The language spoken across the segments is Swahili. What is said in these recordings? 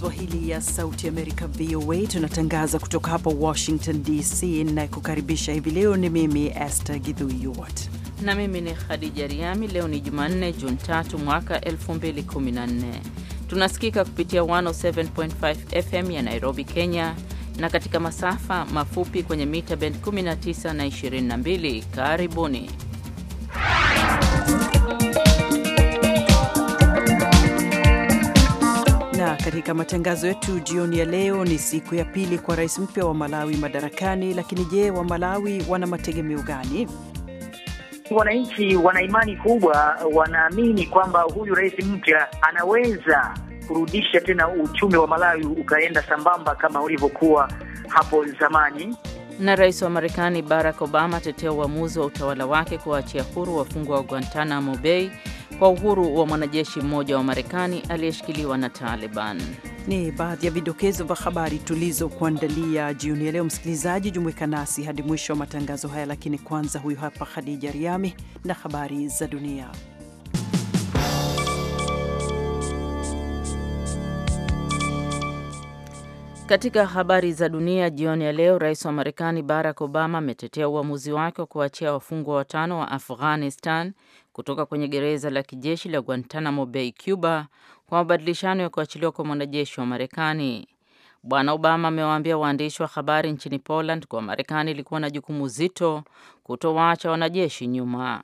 Kiswahili ya Sauti Amerika, VOA. Tunatangaza kutoka hapa Washington DC, kukaribisha hivi leo ni mimi Esther Gidhuiyot na mimi ni Khadija Riami. Leo ni Jumanne, Juni tatu mwaka 2014. Tunasikika kupitia 107.5 FM ya Nairobi, Kenya, na katika masafa mafupi kwenye mita bend 19 na 22. Karibuni. katika matangazo yetu jioni ya leo, ni siku ya pili kwa rais mpya wa Malawi madarakani. Lakini je, wa Malawi wana mategemeo gani? Wananchi wana imani kubwa, wanaamini kwamba huyu rais mpya anaweza kurudisha tena uchumi wa Malawi ukaenda sambamba kama ulivyokuwa hapo zamani. Na rais wa Marekani Barack Obama atetea uamuzi wa utawala wake kuwaachia huru wafungwa wa Guantanamo Bay kwa uhuru wa mwanajeshi mmoja wa Marekani aliyeshikiliwa na Taliban. Ni baadhi ya vidokezo vya habari tulizokuandalia jioni ya leo. Msikilizaji, jumuika nasi hadi mwisho wa matangazo haya, lakini kwanza, huyu hapa Khadija Riami na habari za dunia. Katika habari za dunia jioni ya leo, rais wa Marekani Barack Obama ametetea uamuzi wake wa kuachia wafungwa watano wa Afghanistan kutoka kwenye gereza la kijeshi la Guantanamo Bay, Cuba, kwa mabadilishano ya kuachiliwa kwa mwanajeshi wa Marekani. Bwana Obama amewaambia waandishi wa habari nchini Poland kuwa Marekani ilikuwa na jukumu zito kutowaacha wanajeshi nyuma.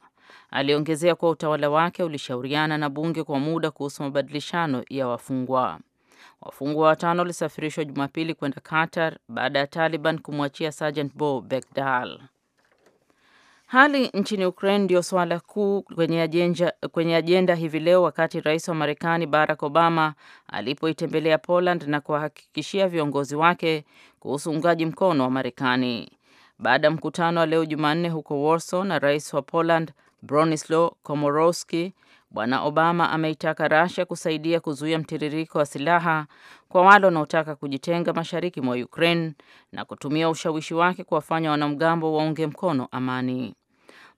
Aliongezea kuwa utawala wake ulishauriana na bunge kwa muda kuhusu mabadilishano ya wafungwa. Wafungwa watano walisafirishwa Jumapili kwenda Qatar baada ya Taliban kumwachia Sergeant Bo Begdal. Hali nchini Ukraine ndio swala kuu kwenye ajenda, kwenye ajenda hivi leo wakati rais wa Marekani Barack Obama alipoitembelea Poland na kuwahakikishia viongozi wake kuhusu uungaji mkono wa Marekani. Baada ya mkutano wa leo Jumanne huko Warsaw na rais wa Poland Bronislaw Komorowski Bwana Obama ameitaka Russia kusaidia kuzuia mtiririko wa silaha kwa wale wanaotaka kujitenga mashariki mwa Ukraine na kutumia ushawishi wake kuwafanya wanamgambo waunge mkono amani.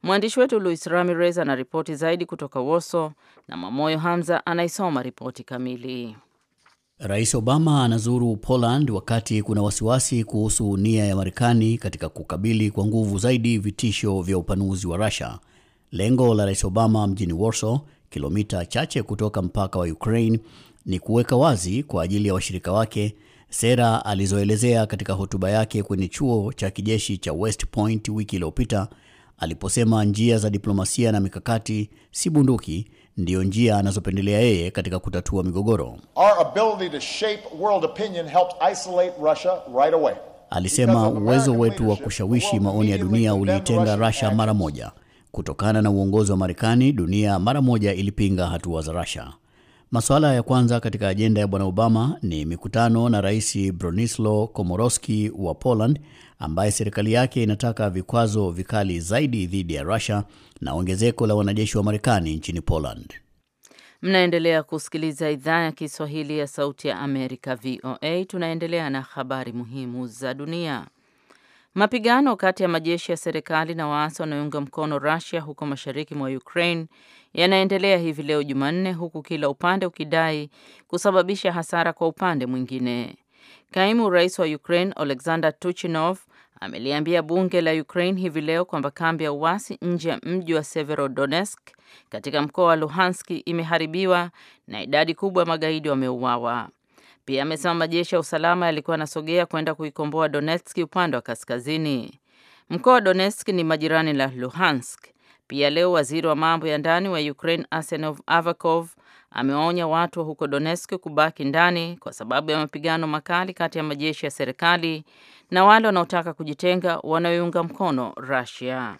Mwandishi wetu Luis Ramirez anaripoti zaidi kutoka woso na Mwamoyo Hamza anaisoma ripoti kamili. Rais Obama anazuru Poland wakati kuna wasiwasi kuhusu nia ya Marekani katika kukabili kwa nguvu zaidi vitisho vya upanuzi wa Russia. Lengo la Rais Obama mjini Warsaw kilomita chache kutoka mpaka wa Ukraine ni kuweka wazi kwa ajili ya washirika wake sera alizoelezea katika hotuba yake kwenye chuo cha kijeshi cha West Point wiki iliyopita aliposema njia za diplomasia na mikakati si bunduki ndiyo njia anazopendelea yeye katika kutatua migogoro. Our ability to shape world opinion helped isolate Russia right away. Alisema uwezo wetu wa kushawishi maoni ya dunia uliitenga Russia mara moja Kutokana na uongozi wa Marekani, dunia mara moja ilipinga hatua za Russia. Masuala ya kwanza katika ajenda ya Bwana Obama ni mikutano na Rais Bronislo Komorowski wa Poland, ambaye serikali yake inataka vikwazo vikali zaidi dhidi ya Russia na ongezeko la wanajeshi wa Marekani nchini Poland. Mnaendelea kusikiliza idhaa ya Kiswahili ya Sauti ya Amerika, VOA. Tunaendelea na habari muhimu za dunia. Mapigano kati ya majeshi ya serikali na waasi wanaoiunga mkono Russia huko mashariki mwa Ukraine yanaendelea hivi leo Jumanne, huku kila upande ukidai kusababisha hasara kwa upande mwingine. Kaimu rais wa Ukraine Oleksandr Tuchinov ameliambia bunge la Ukraine hivi leo kwamba kambi ya uasi nje ya mji wa Severodonetsk katika mkoa wa Luhanski imeharibiwa na idadi kubwa ya magaidi wameuawa. Pia amesema majeshi ya usalama yalikuwa yanasogea kwenda kuikomboa Donetsk upande wa kaskazini. Mkoa wa Donetsk ni majirani la Luhansk. Pia leo waziri wa mambo ya ndani wa Ukraine Arsenov Avakov amewaonya watu wa huko Donetsk kubaki ndani kwa sababu ya mapigano makali kati ya majeshi ya serikali na wale wanaotaka kujitenga wanaoiunga mkono Russia.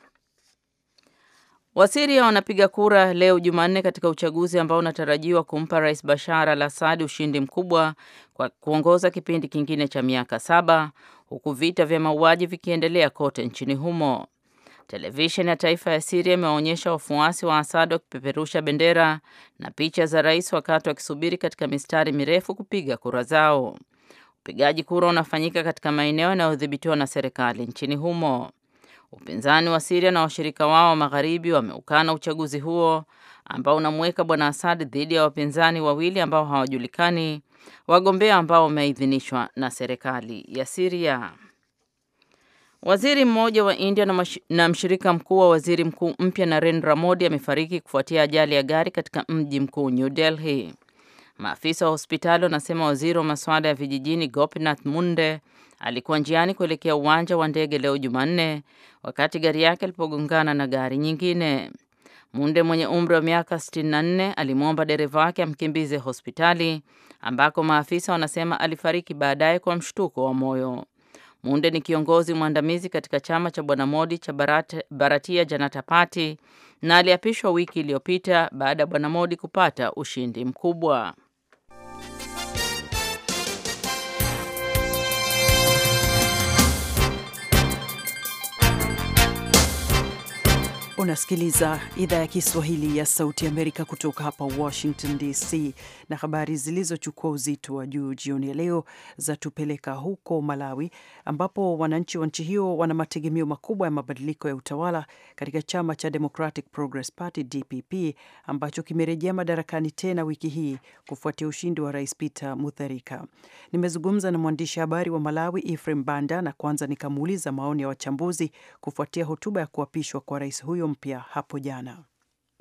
Wasiria wanapiga kura leo Jumanne katika uchaguzi ambao unatarajiwa kumpa Rais Bashar al-Assad ushindi mkubwa kwa kuongoza kipindi kingine cha miaka saba huku vita vya mauaji vikiendelea kote nchini humo. Televisheni ya taifa ya Siria imewaonyesha wafuasi wa Asad wakipeperusha bendera na picha za rais wakati wakisubiri katika mistari mirefu kupiga kura zao. Upigaji kura unafanyika katika maeneo yanayodhibitiwa na serikali nchini humo. Upinzani wa Siria na washirika wao wa magharibi wameukana uchaguzi huo ambao unamweka bwana Assad dhidi ya wapinzani wawili ambao hawajulikani, wagombea ambao wameidhinishwa na serikali ya Siria. Waziri mmoja wa India na, na mshirika mkuu wa waziri mkuu mpya Narendra Modi amefariki kufuatia ajali ya gari katika mji mkuu New Delhi. Maafisa wa hospitali wanasema waziri wa masuala ya vijijini Gopinath Munde Alikuwa njiani kuelekea uwanja wa ndege leo Jumanne wakati gari yake lilipogongana na gari nyingine. Munde mwenye umri wa miaka 64 alimwomba dereva wake amkimbize hospitali ambako maafisa wanasema alifariki baadaye kwa mshtuko wa moyo. Munde ni kiongozi mwandamizi katika chama cha Bwana Modi cha Bharatiya Barati Janata Party na aliapishwa wiki iliyopita baada ya Bwana Modi kupata ushindi mkubwa. Unasikiliza idhaa ya Kiswahili ya Sauti Amerika kutoka hapa Washington DC, na habari zilizochukua uzito wa juu jioni ya leo zatupeleka huko Malawi, ambapo wananchi wa nchi hiyo wana mategemeo makubwa ya mabadiliko ya utawala katika chama cha Democratic Progress Party DPP ambacho kimerejea madarakani tena wiki hii kufuatia ushindi wa Rais Peter Mutharika. Nimezungumza na mwandishi habari wa Malawi efrem Banda na kwanza nikamuuliza maoni ya wachambuzi kufuatia hotuba ya kuapishwa kwa rais huyo mpya hapo jana.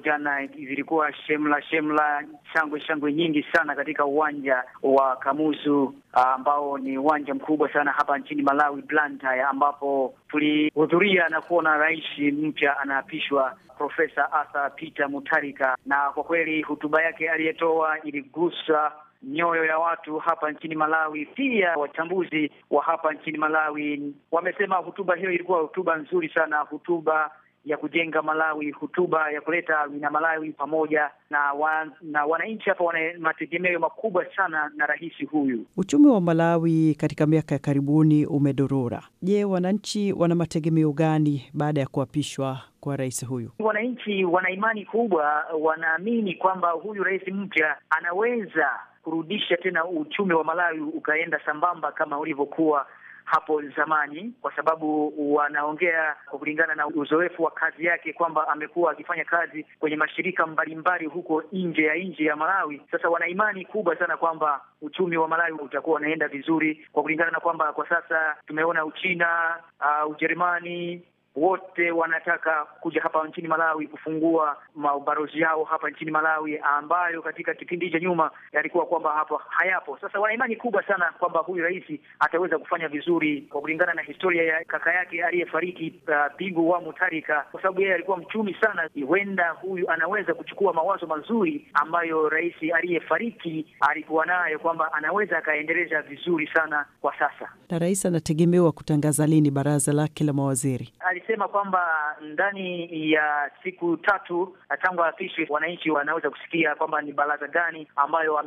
Jana zilikuwa shemla shemla, shangwe shangwe nyingi sana katika uwanja wa Kamuzu ah, ambao ni uwanja mkubwa sana hapa nchini Malawi, Blantyre, ambapo tulihudhuria na kuona rais mpya anaapishwa, Profesa Arthur Peter Mutharika, na kwa kweli hotuba yake aliyetoa iligusa nyoyo ya watu hapa nchini Malawi. Pia wachambuzi wa hapa nchini Malawi wamesema hotuba hiyo ilikuwa hotuba nzuri sana, hotuba ya kujenga Malawi, hotuba ya kuleta wina Malawi pamoja na, wa, na wananchi hapa wana mategemeo makubwa sana na rais huyu. Uchumi wa Malawi katika miaka ya karibuni umedorora. Je, wananchi wana mategemeo gani baada ya kuapishwa kwa rais huyu? Wananchi wana imani kubwa, wanaamini kwamba huyu rais mpya anaweza kurudisha tena uchumi wa Malawi ukaenda sambamba kama ulivyokuwa hapo zamani, kwa sababu wanaongea kwa kulingana na uzoefu wa kazi yake kwamba amekuwa akifanya kazi kwenye mashirika mbalimbali huko nje ya nje ya Malawi. Sasa wana imani kubwa sana kwamba uchumi wa Malawi utakuwa unaenda vizuri, kwa kulingana na kwamba kwa sasa tumeona Uchina, uh, Ujerumani wote wanataka kuja hapa nchini Malawi kufungua mabarozi yao hapa nchini Malawi, ambayo katika kipindi cha nyuma yalikuwa kwamba hapo hayapo. Sasa wana imani kubwa sana kwamba huyu rais ataweza kufanya vizuri kwa kulingana na historia ya kaka yake aliyefariki, uh, Bingu wa Mutharika, kwa sababu yeye alikuwa mchumi sana. Huenda huyu anaweza kuchukua mawazo mazuri ambayo rais aliyefariki alikuwa nayo, kwamba anaweza akaendeleza vizuri sana kwa sasa. Na rais anategemewa kutangaza lini baraza lake la mawaziri? amesema kwamba ndani ya siku tatu eh, tangu afishi wananchi wanaweza kusikia kwamba ni baraza gani ambayo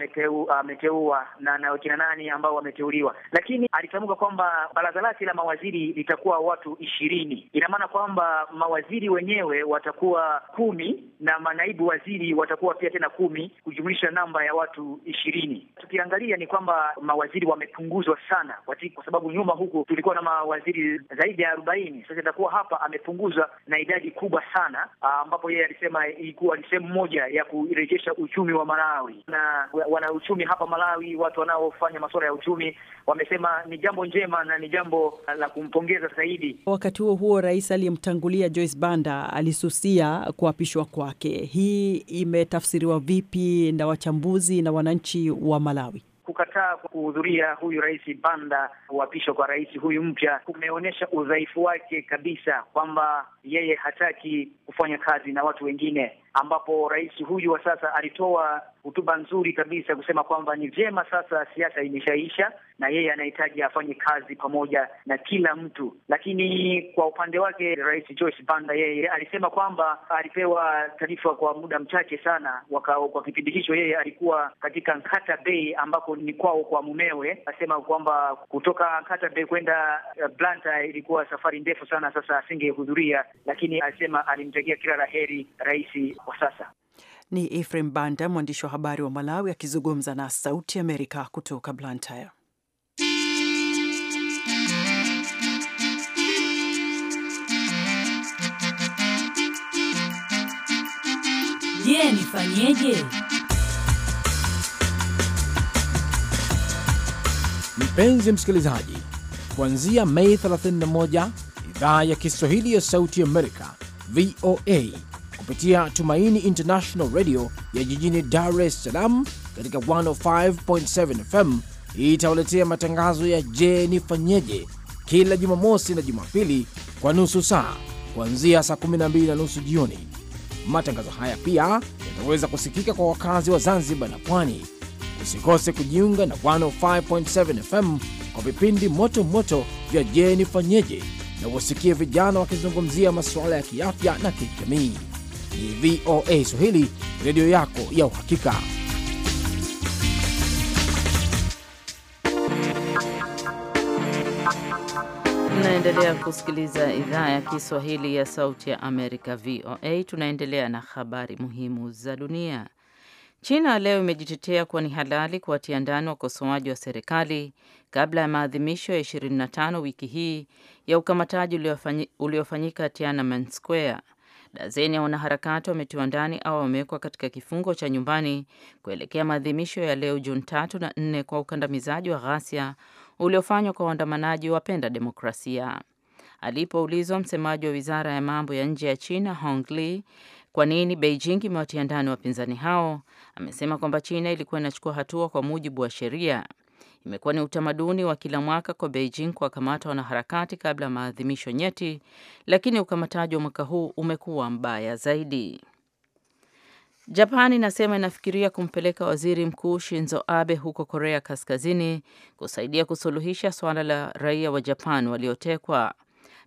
ameteua na, na kina nani ambao wameteuliwa, lakini alitamka kwamba baraza lake la mawaziri litakuwa watu ishirini. Ina maana kwamba mawaziri wenyewe watakuwa kumi na manaibu waziri watakuwa pia tena kumi kujumlisha namba ya watu ishirini. Tukiangalia ni kwamba mawaziri wamepunguzwa sana, kwa sababu nyuma huku tulikuwa na mawaziri zaidi ya arobaini, sasa itakuwa hapa amepunguza na idadi kubwa sana, ah, ambapo yeye alisema ilikuwa ni sehemu moja ya kurejesha uchumi wa Malawi. Na wanauchumi hapa Malawi, watu wanaofanya masuala ya uchumi wamesema ni jambo njema na ni jambo la kumpongeza zaidi. Wakati huo huo, rais aliyemtangulia Joyce Banda alisusia kuapishwa kwake. Hii imetafsiriwa vipi na wachambuzi na wananchi wa Malawi? kukataa kuhudhuria huyu rais Banda kuapishwa kwa rais huyu mpya kumeonyesha udhaifu wake kabisa, kwamba yeye hataki kufanya kazi na watu wengine, ambapo rais huyu wa sasa alitoa hotuba nzuri kabisa kusema kwamba ni vyema sasa siasa imeshaisha na yeye anahitaji afanye kazi pamoja na kila mtu. Lakini kwa upande wake Rais Joyce Banda yeye alisema kwamba alipewa taarifa kwa muda mchache sana waka, kwa kipindi hicho yeye alikuwa katika Nkata Bay ambako ni kwao kwa mumewe. Asema kwamba kutoka Nkata Bay kwenda eh, Blanta ilikuwa safari ndefu sana, sasa asingehudhuria, lakini alisema alimtakia kila la heri rais kwa sasa. Ni efrem Banda, mwandishi wa habari wa Malawi, akizungumza na Sauti Amerika kutoka Blantyre. Je, nifanyeje? Mpenzi msikilizaji, kuanzia Mei 31 idhaa ya Kiswahili ya Sauti Amerika VOA kupitia Tumaini International Radio ya jijini Dar es Salaam katika 105.7 FM itawaletea matangazo ya Je, Nifanyeje kila Jumamosi na Jumapili kwa nusu saa kuanzia saa 12 na nusu jioni. Matangazo haya pia yataweza kusikika kwa wakazi wa Zanzibar na Pwani. Usikose kujiunga na 105.7 FM kwa vipindi moto moto vya Je, Nifanyeje na wasikie vijana wakizungumzia masuala ya kiafya na kijamii ni VOA Swahili, redio yako ya uhakika. Tunaendelea kusikiliza idhaa ya Kiswahili ya Sauti ya Amerika, VOA. Tunaendelea na habari muhimu za dunia. China leo imejitetea kuwa ni halali kuwatia ndani wakosoaji wa serikali kabla ya maadhimisho ya 25 wiki hii ya ukamataji uliofanyika Tiananmen Square. Dazeni ya wanaharakati wametiwa ndani au wamewekwa katika kifungo cha nyumbani kuelekea maadhimisho ya leo Juni tatu na nne kwa ukandamizaji wa ghasia uliofanywa kwa waandamanaji wapenda demokrasia. Alipoulizwa msemaji wa wizara ya mambo ya nje ya China Hong Li kwa nini Beijing imewatia ndani wapinzani hao, amesema kwamba China ilikuwa inachukua hatua kwa mujibu wa sheria. Imekuwa ni utamaduni wa kila mwaka kwa Beijing kuwakamata wanaharakati kabla ya maadhimisho nyeti, lakini ukamataji wa mwaka huu umekuwa mbaya zaidi. Japan inasema inafikiria kumpeleka waziri mkuu Shinzo Abe huko Korea Kaskazini kusaidia kusuluhisha suala la raia wa Japan waliotekwa.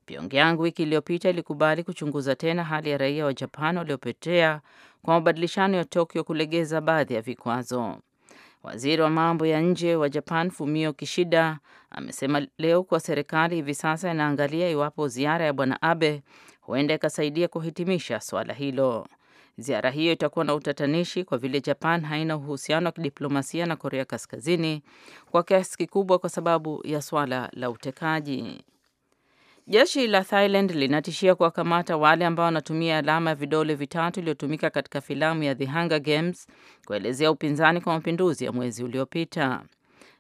Pyongyang wiki iliyopita ilikubali kuchunguza tena hali ya raia wa Japan waliopotea kwa mabadilishano ya Tokyo kulegeza baadhi ya vikwazo. Waziri wa mambo ya nje wa Japan Fumio Kishida amesema leo kuwa serikali hivi sasa inaangalia iwapo ziara ya bwana Abe huenda ikasaidia kuhitimisha swala hilo. Ziara hiyo itakuwa na utatanishi kwa vile Japan haina uhusiano wa kidiplomasia na Korea Kaskazini kwa kiasi kikubwa kwa sababu ya swala la utekaji. Jeshi la Thailand linatishia kuwakamata wale ambao wanatumia alama ya vidole vitatu iliyotumika katika filamu ya The Hunger Games kuelezea upinzani kwa mapinduzi ya mwezi uliopita.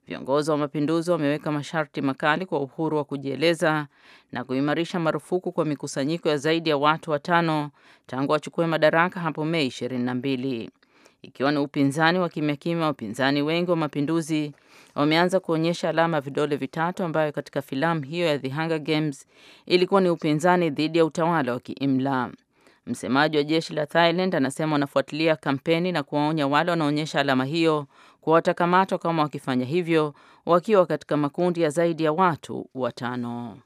Viongozi wa mapinduzi wameweka masharti makali kwa uhuru wa kujieleza na kuimarisha marufuku kwa mikusanyiko ya zaidi ya watu watano tangu wachukue madaraka hapo Mei 22, ikiwa ni upinzani wa kimya kimya. Wapinzani wengi wa mapinduzi wameanza kuonyesha alama vidole vitatu ambayo katika filamu hiyo ya The Hunger Games ilikuwa ni upinzani dhidi ya utawala wa kiimla. Msemaji wa jeshi la Thailand anasema wanafuatilia kampeni na kuwaonya wale wanaonyesha alama hiyo kuwa watakamatwa kama wakifanya hivyo wakiwa katika makundi ya zaidi ya watu watano.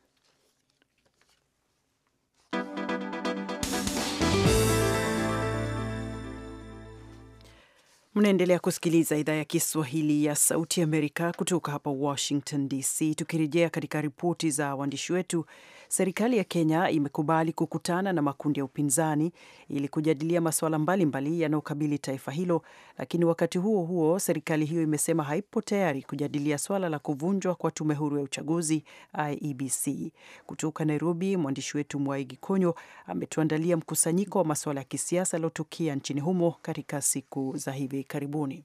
Mnaendelea kusikiliza idhaa ya Kiswahili ya Sauti Amerika kutoka hapa Washington DC. Tukirejea katika ripoti za waandishi wetu Serikali ya Kenya imekubali kukutana na makundi ya upinzani ili kujadilia masuala mbalimbali yanayokabili taifa hilo, lakini wakati huo huo serikali hiyo imesema haipo tayari kujadilia swala la kuvunjwa kwa tume huru ya uchaguzi IEBC. Kutoka Nairobi, mwandishi wetu Mwaigi Konyo ametuandalia mkusanyiko wa masuala ya kisiasa yaliyotukia nchini humo katika siku za hivi karibuni.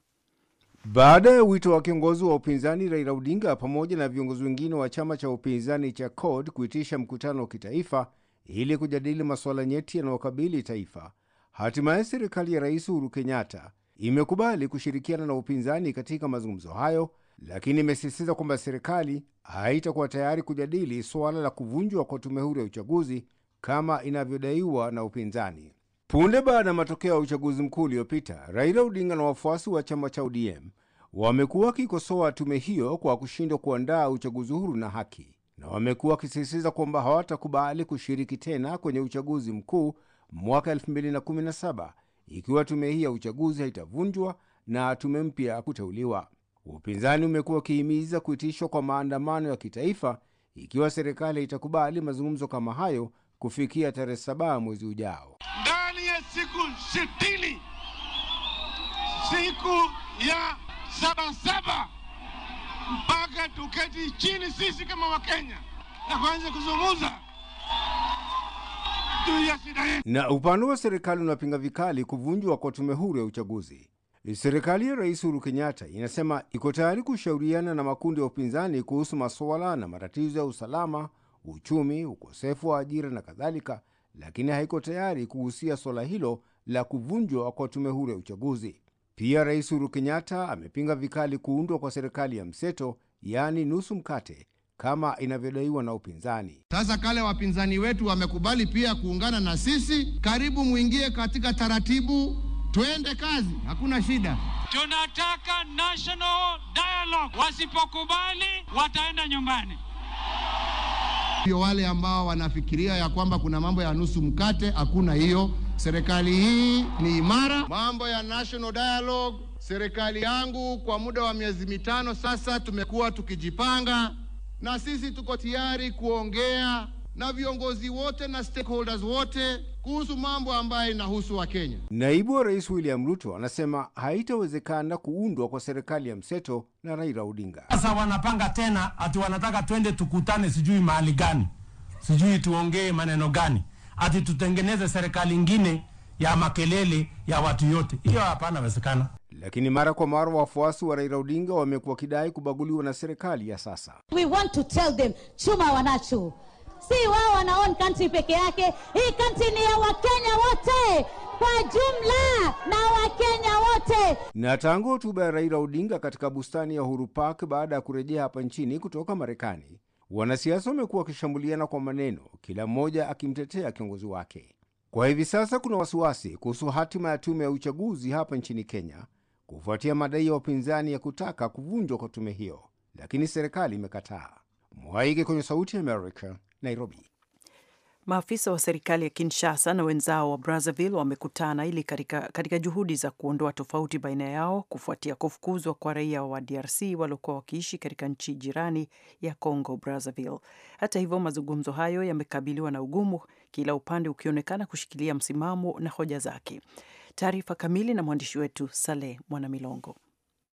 Baada ya wito wa kiongozi wa upinzani Raila Odinga pamoja na viongozi wengine wa chama cha upinzani cha CORD kuitisha mkutano wa kitaifa ili kujadili masuala nyeti yanayokabili taifa, hatimaye serikali ya Rais Uhuru Kenyatta imekubali kushirikiana na upinzani katika mazungumzo hayo, lakini imesisitiza kwamba serikali haitakuwa tayari kujadili suala la kuvunjwa kwa tume huru ya uchaguzi kama inavyodaiwa na upinzani. Punde baada ya matokeo ya uchaguzi mkuu uliopita, Raila Odinga na wafuasi wa chama cha ODM wamekuwa wakikosoa tume hiyo kwa kushindwa kuandaa uchaguzi huru na haki, na wamekuwa wakisisitiza kwamba hawatakubali kushiriki tena kwenye uchaguzi mkuu mwaka 2017 ikiwa tume hii ya uchaguzi haitavunjwa na tume mpya kuteuliwa. Upinzani umekuwa ukihimiza kuitishwa kwa maandamano ya kitaifa ikiwa serikali haitakubali mazungumzo kama hayo kufikia tarehe 7 mwezi ujao. Tusalie siku sitini, siku ya sabasaba mpaka tuketi chini sisi kama Wakenya na kuanza kuzungumza juu ya shida yetu. Na upande wa serikali unapinga vikali kuvunjwa kwa tume huru ya uchaguzi. Serikali ya Rais Uhuru Kenyatta inasema iko tayari kushauriana na makundi ya upinzani kuhusu masuala na matatizo ya usalama, uchumi, ukosefu wa ajira na kadhalika lakini haiko tayari kuhusia swala hilo la kuvunjwa kwa tume huru ya uchaguzi. Pia Rais Uhuru Kenyatta amepinga vikali kuundwa kwa serikali ya mseto, yaani nusu mkate, kama inavyodaiwa na upinzani. Sasa kale wapinzani wetu wamekubali pia kuungana na sisi, karibu mwingie katika taratibu, tuende kazi, hakuna shida. Tunataka national dialogue, wasipokubali wataenda nyumbani. Ndio wale ambao wanafikiria ya kwamba kuna mambo ya nusu mkate, hakuna hiyo. Serikali hii ni imara. Mambo ya national dialogue, serikali yangu kwa muda wa miezi mitano sasa tumekuwa tukijipanga, na sisi tuko tayari kuongea na viongozi wote na stakeholders wote kuhusu mambo ambayo inahusu Wakenya. Naibu wa Rais William Ruto anasema haitawezekana kuundwa kwa serikali ya mseto na Raila Odinga. Sasa wanapanga tena ati wanataka twende tukutane sijui mahali gani, sijui tuongee maneno gani, ati tutengeneze serikali ingine ya makelele ya watu yote. Hiyo hapana wezekana. Lakini mara kwa mara wafuasi wa Raila Odinga wamekuwa kidai kubaguliwa na serikali ya sasa. We want to tell them chuma wanacho si wao wana own country peke yake. Hii country ni ya Wakenya wote kwa jumla na Wakenya wote. Na tangu hotuba ya Raila Odinga katika bustani ya Uhuru Park baada ya kurejea hapa nchini kutoka Marekani, wanasiasa wamekuwa wakishambuliana kwa maneno, kila mmoja akimtetea kiongozi wake. Kwa hivi sasa kuna wasiwasi kuhusu hatima ya tume ya uchaguzi hapa nchini Kenya kufuatia madai ya upinzani ya kutaka kuvunjwa kwa tume hiyo, lakini serikali imekataa. Mwaige kwenye Sauti ya America, Nairobi. Maafisa wa serikali ya Kinshasa na wenzao wa Brazzaville wamekutana ili katika, katika juhudi za kuondoa tofauti baina yao kufuatia kufukuzwa kwa raia wa DRC waliokuwa wakiishi katika nchi jirani ya Congo Brazzaville. Hata hivyo, mazungumzo hayo yamekabiliwa na ugumu, kila upande ukionekana kushikilia msimamo na hoja zake. Taarifa kamili na mwandishi wetu Saleh Mwanamilongo.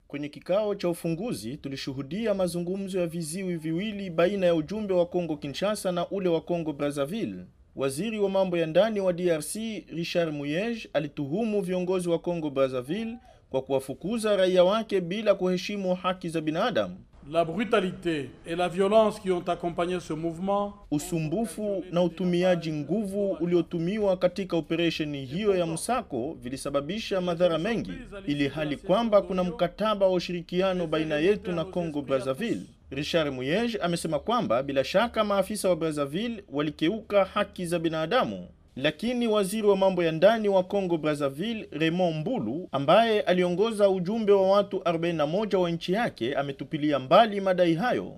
Kwenye kikao cha ufunguzi tulishuhudia mazungumzo ya viziwi viwili baina ya ujumbe wa Kongo Kinshasa na ule wa Kongo Brazzaville. Waziri wa mambo ya ndani wa DRC Richard Muyej alituhumu viongozi wa Kongo Brazzaville kwa kuwafukuza raia wake bila kuheshimu haki za binadamu la brutalité et la violence qui ont accompagné ce mouvement, usumbufu na utumiaji nguvu uliotumiwa katika operesheni hiyo ya msako vilisababisha madhara mengi, ili hali kwamba kuna mkataba wa ushirikiano baina yetu na Congo Brazzaville. Richard Muyej amesema kwamba bila shaka maafisa wa Brazzaville walikeuka haki za binadamu. Lakini waziri wa mambo ya ndani wa Congo Brazzaville Raymond Mbulu, ambaye aliongoza ujumbe wa watu 41 wa nchi yake, ametupilia mbali madai hayo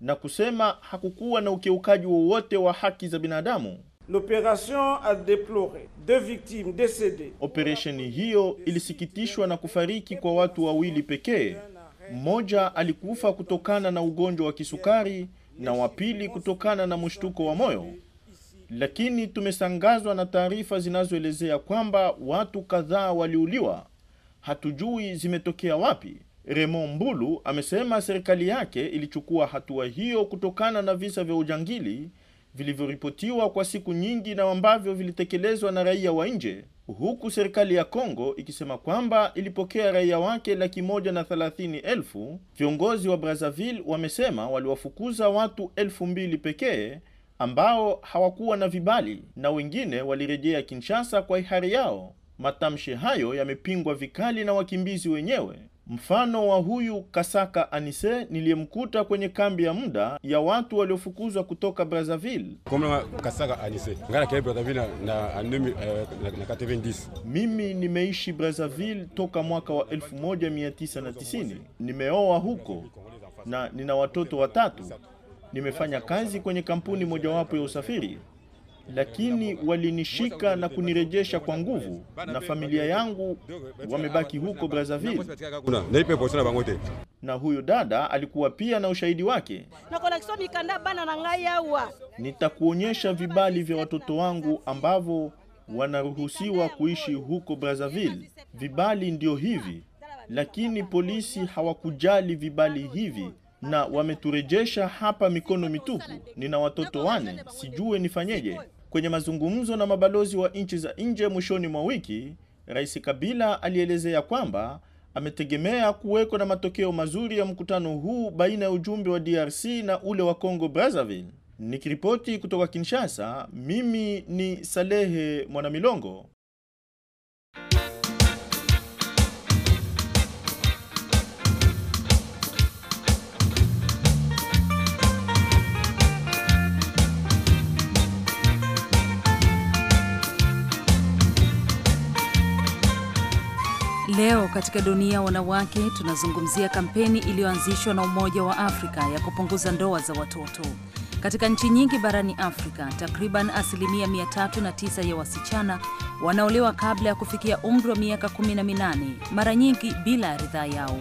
na kusema hakukuwa na ukiukaji wowote wa haki za binadamu. a deux victimes décédées. Operesheni hiyo ilisikitishwa na kufariki kwa watu wawili pekee. Mmoja alikufa kutokana na ugonjwa wa kisukari na wa pili kutokana na mshtuko wa moyo lakini tumeshangazwa na taarifa zinazoelezea kwamba watu kadhaa waliuliwa, hatujui zimetokea wapi. Raymond Mbulu amesema serikali yake ilichukua hatua hiyo kutokana na visa vya ujangili vilivyoripotiwa kwa siku nyingi na ambavyo vilitekelezwa na raia wa nje, huku serikali ya congo ikisema kwamba ilipokea raia wake laki moja na thelathini elfu. Viongozi wa brazaville wamesema waliwafukuza watu elfu mbili pekee ambao hawakuwa na vibali na wengine walirejea Kinshasa kwa hiari yao. Matamshi hayo yamepingwa vikali na wakimbizi wenyewe. Mfano wa huyu Kasaka Anise niliyemkuta kwenye kambi ya muda ya watu waliofukuzwa kutoka Brazzaville. Kasaka Anise Brazzaville na, na 90. Eh, Mimi nimeishi Brazzaville toka mwaka wa 1990 nimeoa huko na nina watoto watatu. Nimefanya kazi kwenye kampuni mojawapo ya usafiri, lakini walinishika na kunirejesha kwa nguvu, na familia yangu wamebaki huko Brazzaville. Na huyo dada alikuwa pia na ushahidi wake. Nitakuonyesha vibali vya watoto wangu ambavyo wanaruhusiwa kuishi huko Brazzaville. Vibali ndio hivi, lakini polisi hawakujali vibali hivi na wameturejesha hapa mikono mitupu. Nina watoto wane, sijue nifanyeje. Kwenye mazungumzo na mabalozi wa nchi za nje mwishoni mwa wiki, Rais Kabila alielezea kwamba ametegemea kuweko na matokeo mazuri ya mkutano huu baina ya ujumbe wa DRC na ule wa Congo Brazzaville. Nikiripoti kutoka Kinshasa, mimi ni Salehe Mwanamilongo. Leo katika dunia wanawake tunazungumzia kampeni iliyoanzishwa na Umoja wa Afrika ya kupunguza ndoa za watoto. Katika nchi nyingi barani Afrika, takriban asilimia 309 ya wasichana wanaolewa kabla ya kufikia umri wa miaka 18, mara nyingi bila ridhaa yao.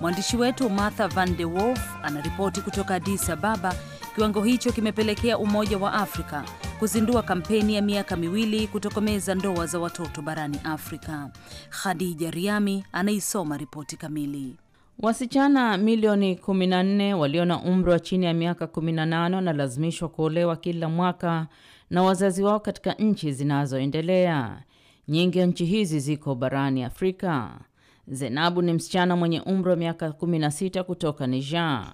Mwandishi wetu Martha Van de Wolf anaripoti kutoka Addis Ababa. Kiwango hicho kimepelekea Umoja wa Afrika kuzindua kampeni ya miaka miwili kutokomeza ndoa za watoto barani Afrika. Khadija Riami anaisoma ripoti kamili. Wasichana milioni 14 walio na umri wa chini ya miaka 18 wanalazimishwa kuolewa kila mwaka na wazazi wao katika nchi zinazoendelea. Nyingi ya nchi hizi ziko barani Afrika. Zenabu ni msichana mwenye umri wa miaka 16 kutoka Niger.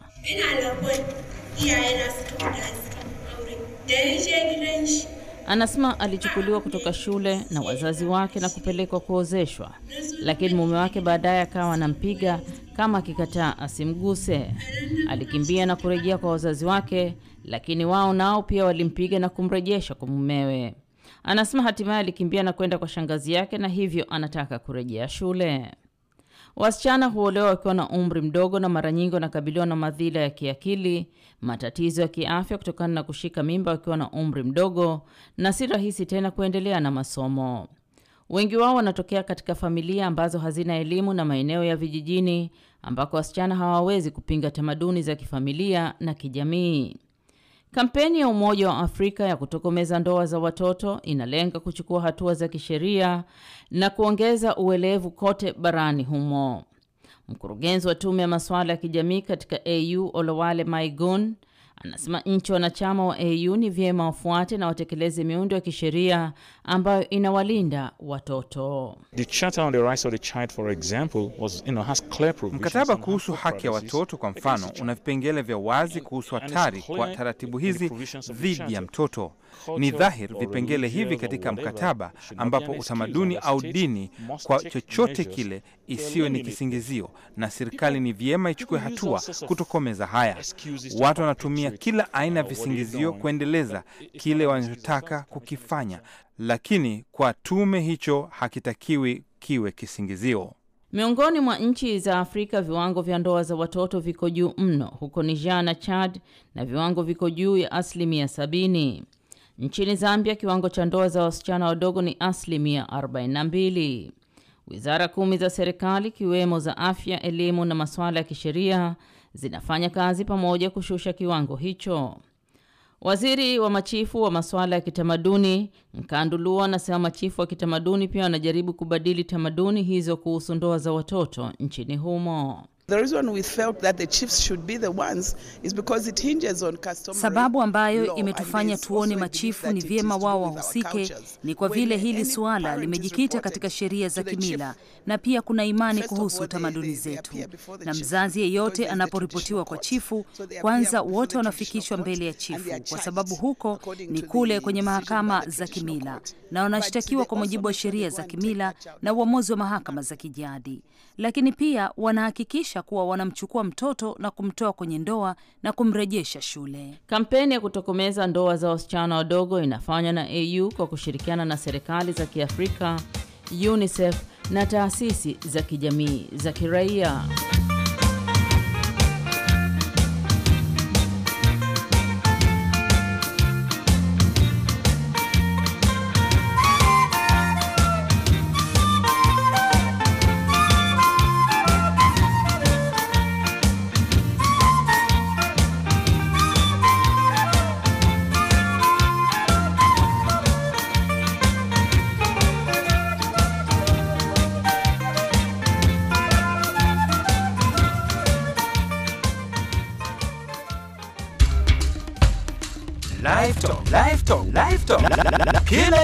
Anasema alichukuliwa kutoka shule na wazazi wake na kupelekwa kuozeshwa, lakini mume wake baadaye akawa anampiga kama akikataa asimguse. Alikimbia na kurejea kwa wazazi wake, lakini wao nao pia walimpiga na kumrejesha kwa mumewe. Anasema hatimaye alikimbia na kwenda kwa shangazi yake, na hivyo anataka kurejea shule. Wasichana huolewa wakiwa na umri mdogo na mara nyingi wanakabiliwa na madhila ya kiakili, matatizo ya kiafya kutokana na kushika mimba wakiwa na umri mdogo, na si rahisi tena kuendelea na masomo. Wengi wao wanatokea katika familia ambazo hazina elimu na maeneo ya vijijini ambako wasichana hawawezi kupinga tamaduni za kifamilia na kijamii. Kampeni ya Umoja wa Afrika ya kutokomeza ndoa za watoto inalenga kuchukua hatua za kisheria na kuongeza uelevu kote barani humo. Mkurugenzi wa tume ya masuala ya kijamii katika AU Olowale Maigun Anasema nchi wanachama wa AU ni vyema wafuate na watekeleze miundo ya kisheria ambayo inawalinda watoto. Mkataba kuhusu haki ya watoto kwa mfano una vipengele vya wazi kuhusu hatari kwa taratibu hizi dhidi ya mtoto. Ni dhahiri vipengele hivi katika mkataba ambapo utamaduni au dini kwa chochote kile isiyo ni kisingizio, na serikali ni vyema ichukue hatua kutokomeza haya. Watu wanatumia kutumia kila aina ya visingizio kuendeleza kile wanachotaka kukifanya, lakini kwa tume hicho hakitakiwi kiwe kisingizio. Miongoni mwa nchi za Afrika viwango vya ndoa za watoto viko juu mno, huko Niger na Chad, na viwango viko juu ya asilimia sabini. Nchini Zambia kiwango cha ndoa za wasichana wadogo ni asilimia 42. Wizara kumi za serikali ikiwemo za afya, elimu na masuala ya kisheria zinafanya kazi pamoja kushusha kiwango hicho. Waziri wa machifu wa masuala ya kitamaduni Nkandulua anasema machifu wa kitamaduni pia wanajaribu kubadili tamaduni hizo kuhusu ndoa za watoto nchini humo. Sababu ambayo imetufanya tuone machifu ni vyema wao wahusike ni kwa vile hili suala limejikita katika sheria za kimila na pia kuna imani kuhusu tamaduni zetu. Na mzazi yeyote anaporipotiwa kwa chifu, kwanza wote wanafikishwa mbele ya chifu, kwa sababu huko ni kule kwenye mahakama za kimila, na wanashtakiwa kwa mujibu wa sheria za kimila na uamuzi wa mahakama za kijadi lakini pia wanahakikisha kuwa wanamchukua mtoto na kumtoa kwenye ndoa na kumrejesha shule. Kampeni ya kutokomeza ndoa za wasichana wadogo inafanywa na AU kwa kushirikiana na serikali za Kiafrika, UNICEF na taasisi za kijamii za kiraia.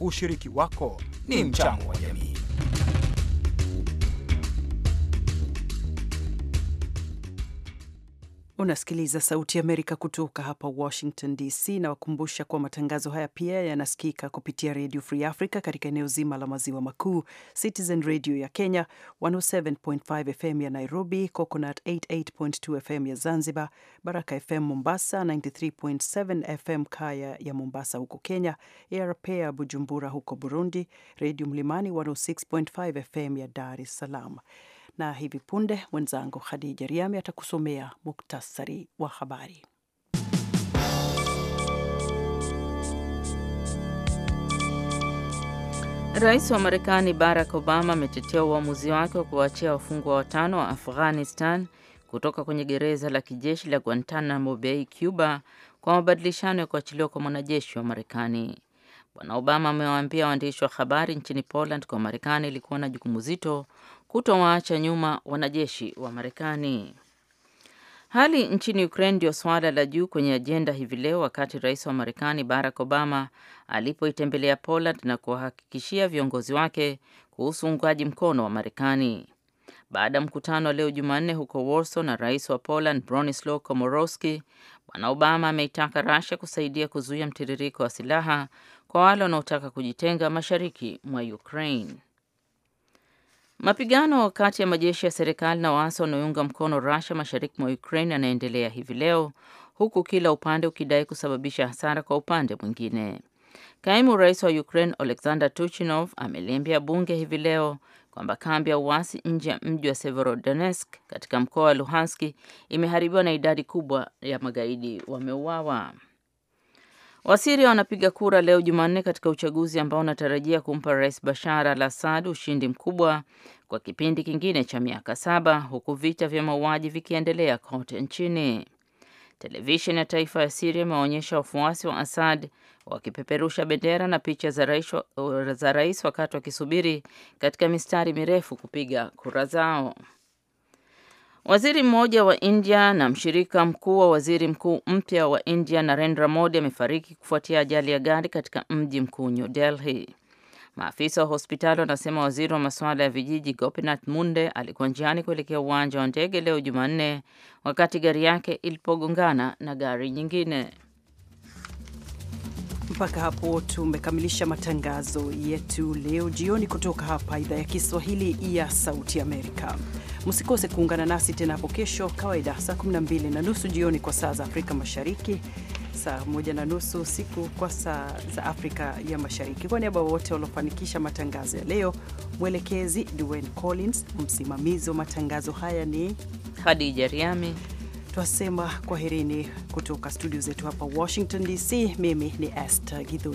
Ushiriki wako ni mchango wa jamii. Unasikiliza Sauti ya Amerika kutoka hapa Washington DC, na wakumbusha kuwa matangazo haya pia yanasikika kupitia Redio Free Africa katika eneo zima la maziwa makuu, Citizen Radio ya Kenya 107.5 FM ya Nairobi, Coconut 88.2 FM ya Zanzibar, Baraka FM Mombasa 93.7 FM Kaya ya Mombasa huko Kenya, ARP ya Bujumbura huko Burundi, Redio Mlimani 106.5 FM ya Dar es Salaam na hivi punde mwenzangu Khadija Riami atakusomea muktasari wa habari. Rais wa Marekani Barack Obama ametetea uamuzi wake wa kuwaachia wafungwa watano wa Afghanistan kutoka kwenye gereza la kijeshi la Guantanamo Bay, Cuba, kwa mabadilishano ya kuachiliwa kwa mwanajeshi wa Marekani. Bwana Obama amewaambia waandishi wa habari nchini Poland kwa Marekani ilikuwa na jukumu zito kutowaacha nyuma wanajeshi wa Marekani. Hali nchini Ukraine ndio suala la juu kwenye ajenda hivi leo, wakati rais wa Marekani Barack Obama alipoitembelea Poland na kuwahakikishia viongozi wake kuhusu uungaji mkono wa Marekani. Baada ya mkutano wa leo Jumanne huko Warsaw na rais wa Poland Bronislaw Komorowski, bwana Obama ameitaka Russia kusaidia kuzuia mtiririko wa silaha kwa wale wanaotaka kujitenga mashariki mwa Ukraine. Mapigano kati ya majeshi ya serikali na waasi wanaoiunga mkono Russia mashariki mwa Ukraine yanaendelea hivi leo huku kila upande ukidai kusababisha hasara kwa upande mwingine. Kaimu rais wa Ukraine Alexander Tuchinov ameliambia bunge hivi leo kwamba kambi ya uasi nje ya mji wa Severodonetsk katika mkoa wa Luhanski imeharibiwa na idadi kubwa ya magaidi wameuawa. Wasiria wanapiga kura leo Jumanne katika uchaguzi ambao unatarajia kumpa Rais Bashar al Assad ushindi mkubwa kwa kipindi kingine cha miaka saba huku vita vya mauaji vikiendelea kote nchini. Televisheni ya taifa ya Siria imeonyesha wafuasi wa Assad wakipeperusha bendera na picha za rais wakati wakisubiri katika mistari mirefu kupiga kura zao. Waziri mmoja wa India na mshirika mkuu wa waziri mkuu mpya wa India Narendra Modi amefariki kufuatia ajali ya gari katika mji mkuu New Delhi. Maafisa wa hospitali wanasema waziri wa masuala ya vijiji Gopinath Munde alikuwa njiani kuelekea uwanja wa ndege leo Jumanne wakati gari yake ilipogongana na gari nyingine. Mpaka hapo tumekamilisha matangazo yetu leo jioni kutoka hapa idhaa ya Kiswahili ya Sauti Amerika. Msikose kuungana nasi tena hapo kesho kawaida, saa 12 na nusu jioni kwa saa za Afrika Mashariki, saa moja na nusu siku kwa saa za Afrika ya Mashariki. Kwa niaba wote waliofanikisha matangazo ya leo, mwelekezi Dwayne Collins, msimamizi wa matangazo haya ni Hadija Riami. Twasema kwaherini kutoka studio zetu hapa Washington DC. Mimi ni Esther Githo